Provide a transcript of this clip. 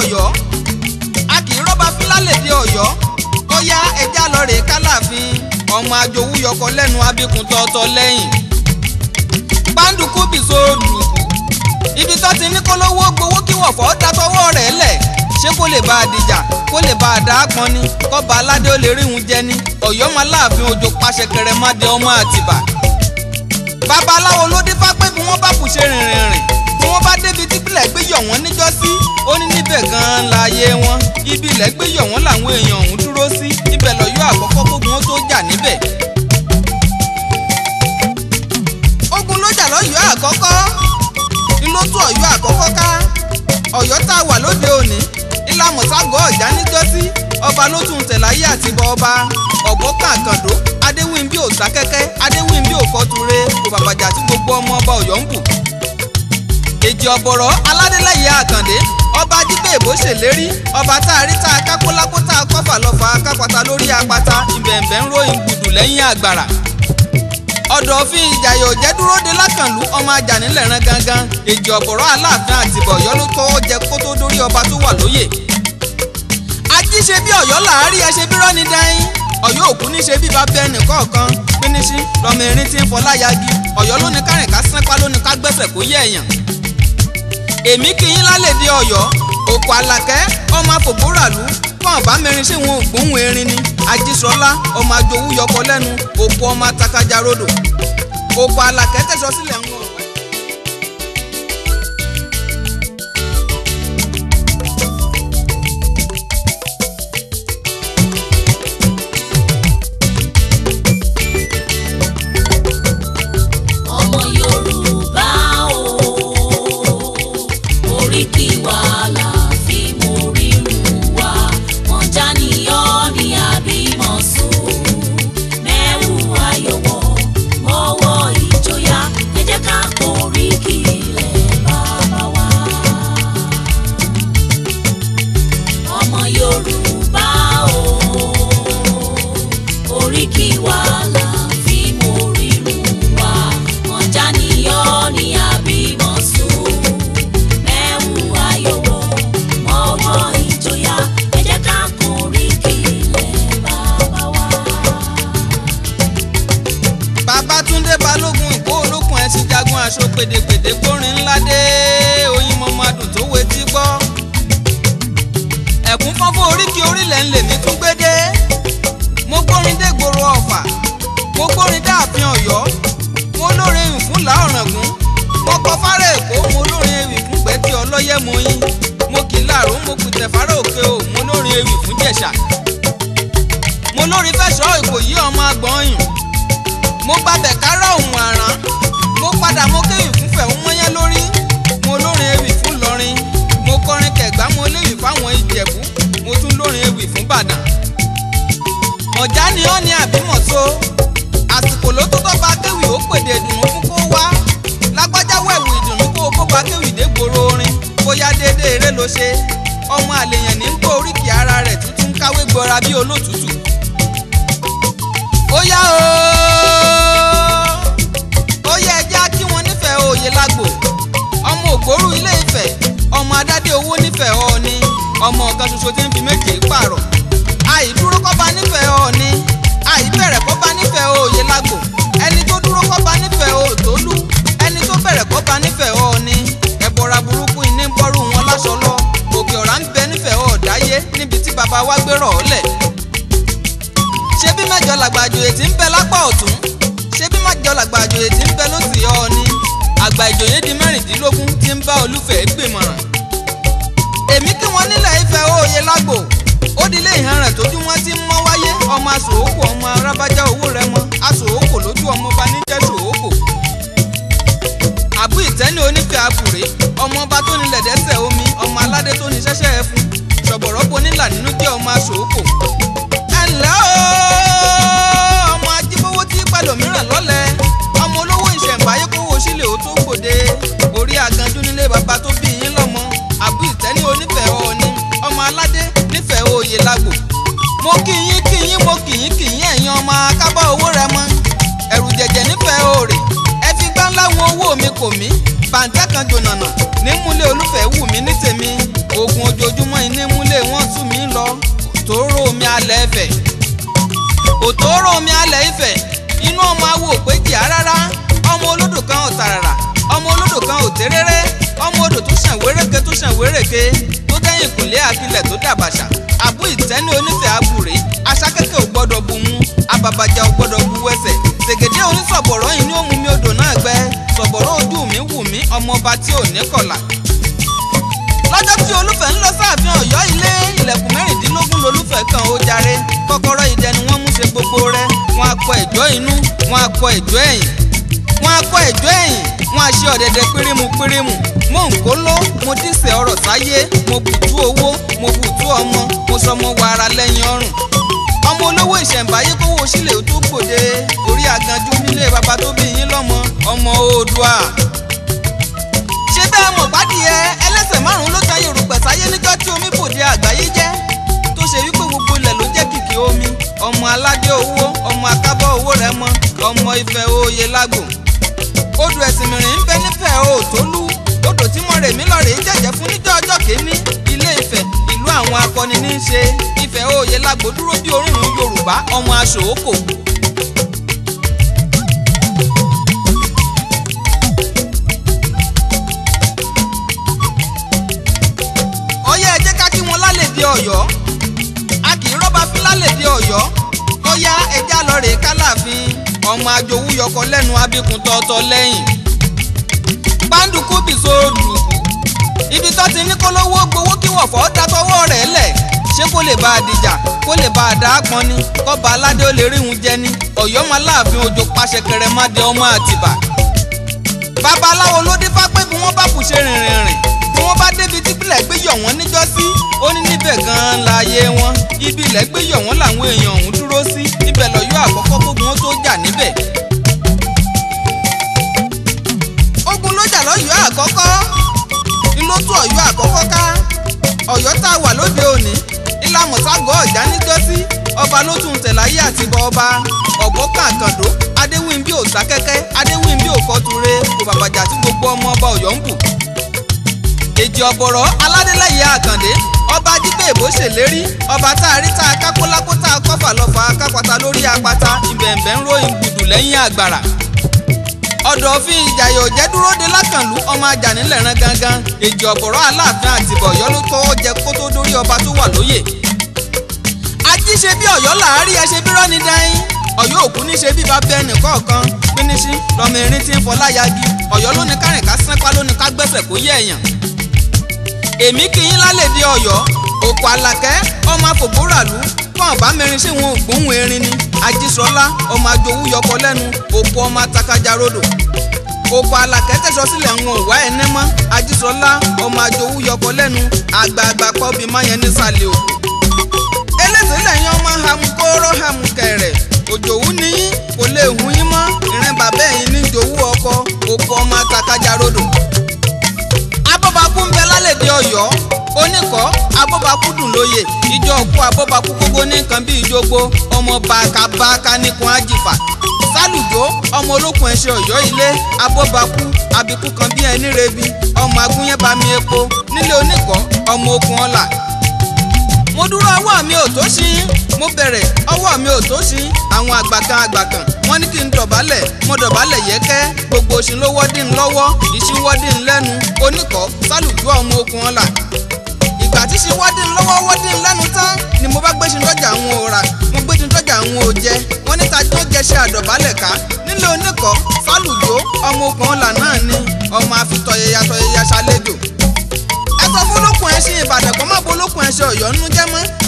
Ọ̀yọ́ a kì í rọ́bà fílà lédè Ọ̀yọ́ ó yá ẹja lọ rè kálàfin ọmọ àjòwú yọkọ lẹ́nu abíkun tọ́tọ́ lẹ́yìn. pàǹdùkú bìso dùkú ibi tó ti ní kólówó gbowó kí wọ̀fọ́ da tọwọ́ rẹ̀ lẹ̀ ṣé kó lè bá a dìjà kó lè bá a dá pọn ni kọ́ba aládé ó lè ríhun jẹ ni Ọ̀yọ́ máa láàfin òjò pàṣẹ kẹrẹmádé ọmọ Àtìbà babaláwo ló dé fápẹ́ bí wọ́n bá kù ṣe rìnrìn rìn bí wọ́n bá débi tí ìbílẹ̀ gbé yọ̀ wọ́n níjọ́sí ó ní níbẹ̀ gan-an láàyè wọn ibi ilẹ̀ gbé yọ̀ wọ́n làwọn èèyàn ọ̀hún dúró sí ibẹ̀ lọ́yọ́ àkọ́kọ́ kógun ó tó jà níbẹ̀. ogun ló jà lọ́yọ́ àkọ́kọ́ ló tú ọ̀yọ́ àkọ́kọ́ ká ọ̀yọ́ tá a wà lóde òní ńlá mọ̀ságọ́ ọ̀já níjọ́sí ọba ló tún tẹ̀láyé àti bọ ọba ọ̀gbọ́kà àkàndó adéwìnbí òsákẹ́kẹ́ adéwìnbí òfọ́túnrẹ́ òbàbàjà òkè ọ̀bọ̀rọ̀ aládélẹ́yẹ àkàndé ọba jíbèèbó ṣèlérí ọba tá a rí tá a kákó lákó tá a kọ́fà lọ́fà kápata lórí apata ìbẹ̀ǹbẹ̀ ń ròyìn gbùdù lẹ́yìn àgbàrà ọ̀dọ̀ òfin ìjàyọ̀ jẹ́ dúró de lákànlú ọmọ ajanilẹ̀ran gangan èjì ọ̀bọ̀rọ̀ aláàfin àtìbọ̀yọ́ ló tọ́wọ́ jẹ kó tó dórí ọba tó wà lóyè ají ṣe bí ọ̀yọ́ làárí ẹ ṣe bí rọ́ni dáín ọ̀yọ́ òkú ní ṣe bí bàbá ẹnì kọ̀ọ̀kan pínísí lọ́mọ erin tí ń fọlá yagi ọ̀yọ́ lónìí kárìnká sánpá lónìí ká gbẹ́fẹ̀ kó yẹ èèyàn èmi kì í lálẹ́ di ọ̀yọ́ òkú alákẹ́ ọmọ àfòbúràlú fún àbámẹ́rin sí wọn ògbóhùn erin ni ajísọlá ọmọ àjòwú yọkọ lẹ́nu òkú ọmọ àtàkàjà rodò òkú alákẹ́ tẹ̀sọ́ sílẹ̀ ń máa ṣó pèdèpèdè kórin ńlá dé oyin mọ́ máa dùn tó wetí gbọ́. ẹ̀kún fọ́fọ́ oríkì orílẹ̀ ń lè mí tún gbédé mo gbórin dé gbòòrò ọ̀fà mo gbórin dé ààfin ọ̀yọ́ mo lórin ìfúnlá ọ̀ràngún mo kọ fárẹ̀ èkó mo lórin ewì fún gbẹ́tì ọlọ́yẹ̀ mo yín mo kì í láàrú mo kù tẹ̀fárẹ̀ òkè o mo lórin ewì fún jẹ̀ṣà mo lórin fẹ́ṣọ́ ìkòyí ọmọ agbọ̀nyìn mo gbàbẹ̀ kárọ̀ òun àrán. ló ṣe ọmọ àlèyàn ní ń kó oríkì ara rẹ̀ tuntun káwé gbọ́ra bí olótùtù. ó yá o ó yẹ ẹja kí wọ́n nífẹ̀ẹ́ òye lágbo ọmọ ògbóòrú ilé Ifẹ̀ ọmọ adádé owó nífẹ̀ẹ́ Ọọ̀ni ọmọ ọ̀kan ṣoṣo tí ń fi méje pààrọ̀ àìdúró kọ́ bàbá wa gbé rọ̀ ọ́lẹ̀ ṣé bí mẹ́jọ làgbà àjòyè tí ń bẹ lápá ọ̀tún ṣé bí mẹ́jọ làgbà àjòyè tí ń bẹ lósì Ọọ̀ni àgbà ìjòyè di mẹ́rìndínlógún tí ń bá olúfẹ̀ẹ́ gbìmọ̀ràn èmi kí wọ́n nílẹ̀ Ifẹ̀ òye lágbo ó dilé ìhànrẹ̀ tójú wọn ti ń mọ́ wáyé ọmọ asòókò ọmọ arábájá owó rẹ mọ asòókò lójú ọmọ bá ní sòókò àbú ìtẹ́ni onífẹ́ àbùrẹ́ ọmọ ọba tó nílẹ̀ dẹ́sẹ̀ omi ọmọ aládé tó ní ṣẹ́ṣẹ́ ẹ̀fún ṣọ̀bọ̀rọ̀bọ̀ nílà nínú jẹ́ ọmọ aṣòwò. ẹnlẹ́ o ọmọ ajíbówó tí pàdọ̀ mìíràn lọ́lẹ̀ ọmọ olówó ìṣẹ̀ǹbáyé kówó sílẹ̀ ó tó gbòde orí agandún nílé bàbá tó bí yín lọ́mọ àbú ìtẹ́ni onífẹ̀ẹ́ ọ̀ọ́ni ọmọ aládé nífẹ̀ẹ́ oyè lágbo. mo kì yín kì yín mo kì yín kì yín ẹ̀yin ọmọ akábọ̀ owó rẹ mọ́ ẹ̀rù jẹ̀jẹ̀ nífẹ̀ẹ́ òòrè ẹ fi gbá ńlá owó mi kò mí bàǹtẹ́ kan jònànà nímúlẹ̀ olúfẹ́ wù mí. alẹ́ Ifẹ̀ òtòrò omi alẹ́ Ifẹ̀ inú ọmọ awo òpéjì rárá ọmọ olódò kan ò tàràrà ọmọ olódò kan ò téréré ọmọ odò tó ṣàn wéréke tó ṣàn wéréke tó dẹ́yìn kùnlé àfilẹ̀ tó dàbàṣà àbú ìtẹ́ni onífẹ̀ àbúrè aṣákẹ́kẹ́ ò gbọ́dọ̀ bu mu abàbàjà ò gbọ́dọ̀ bu wẹsẹ̀ ṣègèdè onísọ̀bọ̀rọ̀ yìí ni ó mú mi odò náà gbẹ sọ̀bọ̀rọ̀ ojú mi wù mí ọmọọba tí ò ní kọ̀là lọ́jọ́ tí olúfẹ́ ń lọ sáàfin ọ̀yọ́ ilé ẹ̀jọ́ inú wọn á kọ ẹ̀jọ́ ẹ̀yìn wọn á kọ ẹ̀jọ́ ẹ̀yìn wọn á ṣe ọ̀dẹ̀dẹ̀ pérému pérému mo ń kóló mo díṣẹ́ ọ̀rọ̀ sáyé mo bùtú owó mo bùtú ọmọ mo sọmọ wàrà lẹ́yìn ọrùn ọmọ olówó ìṣẹ̀ǹbáyé kówó sílẹ̀ tó gbòde orí àgànjú nílé baba tó bí yín lọ́mọ ọmọ oòdùà ọmọ aládé owó ọmọ akábọ̀ owó rẹ̀ mọ́ ọmọ Ifẹ̀ oyè lágbo odò ẹ̀sìn mìíràn ń bẹ nífẹ̀ òtólú odò tí mo rè mí lọ rèé jẹ̀jẹ̀ fún níjọ́ ọjọ́ kìíní ilé Ifẹ̀ ìlú àwọn akọni ní í ṣe Ifẹ̀ oyè lágbo dúró bí orúurú Yorùbá ọmọ aṣòókò ọmọ ajowú yọkọ lẹ́nu abíkun tọ́tọ́ lẹ́yìn pàǹdùkú bìso dùnkù ibi tó ti ní kólówó gbowó kí wọ̀fọ́ ta tọwọ́ rẹ̀ lẹ̀ ṣé kó lè bá a dìjà kó lè bá a dá a pọn ni kọ́ba aládé ó lè rí òun jẹ ni ọ̀yọ́ máa láàfin òjò pàṣẹ kẹrẹmádé ọmọ àtìbà babaláwo ló dé bá pé bí wọ́n bá kùṣe rìnrìn rìn bí wọ́n bá débi tí ìbílẹ̀ gbé yọ̀ wọ́n níjọ́sí ó ní níbẹ̀ gan-an láàyè wọn ibi gbé yọ̀ wọ́n làwọn èèyàn ọ̀hún ọ̀yọ́ tá a wà lóde òní ńlá mọ̀ságọ́ ọ̀já níjọ́sí ọba ló tún tẹ̀láyé àtibọ̀ ọba ọ̀gbọ́ kàkàndó adéwìnbí òsákẹ́kẹ́ adéwìnbí òfọ́ture kò bàbàjà tí gbogbo ọmọ ọba ọ̀yọ́ ń bù. èjì ọ̀bọ̀rọ̀ aládélẹ́yẹ àkàndé ọba jígbé èbó ṣèlérí ọba tá a rí tá a kákó lákó tá a kọ́fà lọ́fà kápata lórí apata ìbẹ̀ǹbẹ̀ ń ròyìn gbùdù lẹ́yìn àgbàrá ọ̀dọ̀ fi ìjàyè òjẹ́ dúró de lákànlú ọmọ ajá nílẹ̀ ran gangan èjì ọ̀bọ̀rọ̀ aláàfin àti bọ̀yọ́ ló tọ́wọ́ jẹ kó tó dórí ọba tó wà lóyè. ajíṣe bí ọ̀yọ́ làárí ẹṣẹ bí rọ́ni dáín ọ̀yọ́ òkú níṣe bí bàbá ẹnì kọ̀ọ̀kan píníṣí lọmọ erin ti ń fọlá yagi ọ̀yọ́ lóní kárìnká sánpá lóní ká gbẹ́sẹ̀ kó yé èèyàn. èmi kì í lálẹ́ bí ọ̀yọ́ òkú àlàkẹ́ ọmọ àfògbóràlú bá ọ̀bá mẹ́rin ṣé wọn ò gbóhùn erin ni àjíṣọlá ọmọ àjòwú yọkọ lẹ́nu òkú ọmọ atakaja rodò òkú alàkẹ́ wọn ò wá ẹni ọmọ àjòwú yọkọ lẹ́nu àgbààgbà kọ́bí máyẹn nísàlẹ̀ òkú eléṣẹ́ lẹ́yìn ọmọ hamukóró hamukẹ̀rẹ̀ òjòwú níyín kò lè hùn yín mọ́ ìrìn bàbá ẹ̀yìn ní ọkọ òkú ọmọ atakaja rodò abọ́bakú ń di ọ̀yọ́ abọ́bakú dùn lóye ìjọ òkú abọ́bakú gbogbo ní nǹkan bíi ìjogbo ọmọ bàkàbàkà nìkan àjìfà sálùjó ọmọ olókùn ẹṣẹ Ọ̀yọ́ ilé abọ́bakú àbíkú kan bíi ẹni rebi ọmọ agúnyẹ́bami epo nílé oníkọ́ ọmọ okùn ọ̀la mo dúró ọwọ́ mi ò tó sí mo bẹ̀rẹ̀ ọwọ́ mi ò tó sí àwọn àgbàkan àgbàkan wọ́n ní kí n dọ̀bálẹ̀ mo dọ̀bálẹ̀ yẹ́kẹ́ gbogbo òsín ló wọ́dí ń ọmọ okùn ọ̀la tí ṣe wá dín lọ́wọ́ wọ́ dín lẹ́nu tán ni mo bá gbé ṣe lọ́jà àwọn òòrà mo gbé ṣe lọ́jà àwọn òòjẹ wọ́n níta tó jẹṣẹ́ àdọ̀bálẹ̀ ká nílé oníkọ́ sálùjó ọmọ ogun ọ̀là náà ni ọmọ àfitọ̀yẹyà tọ̀yẹyà ṣàlejò ẹ sọ fún olókùn ẹṣin Ìbàdàn kọ́ má bo olókùn ẹṣin Ọ̀yọ́ nínú jẹ́ mọ́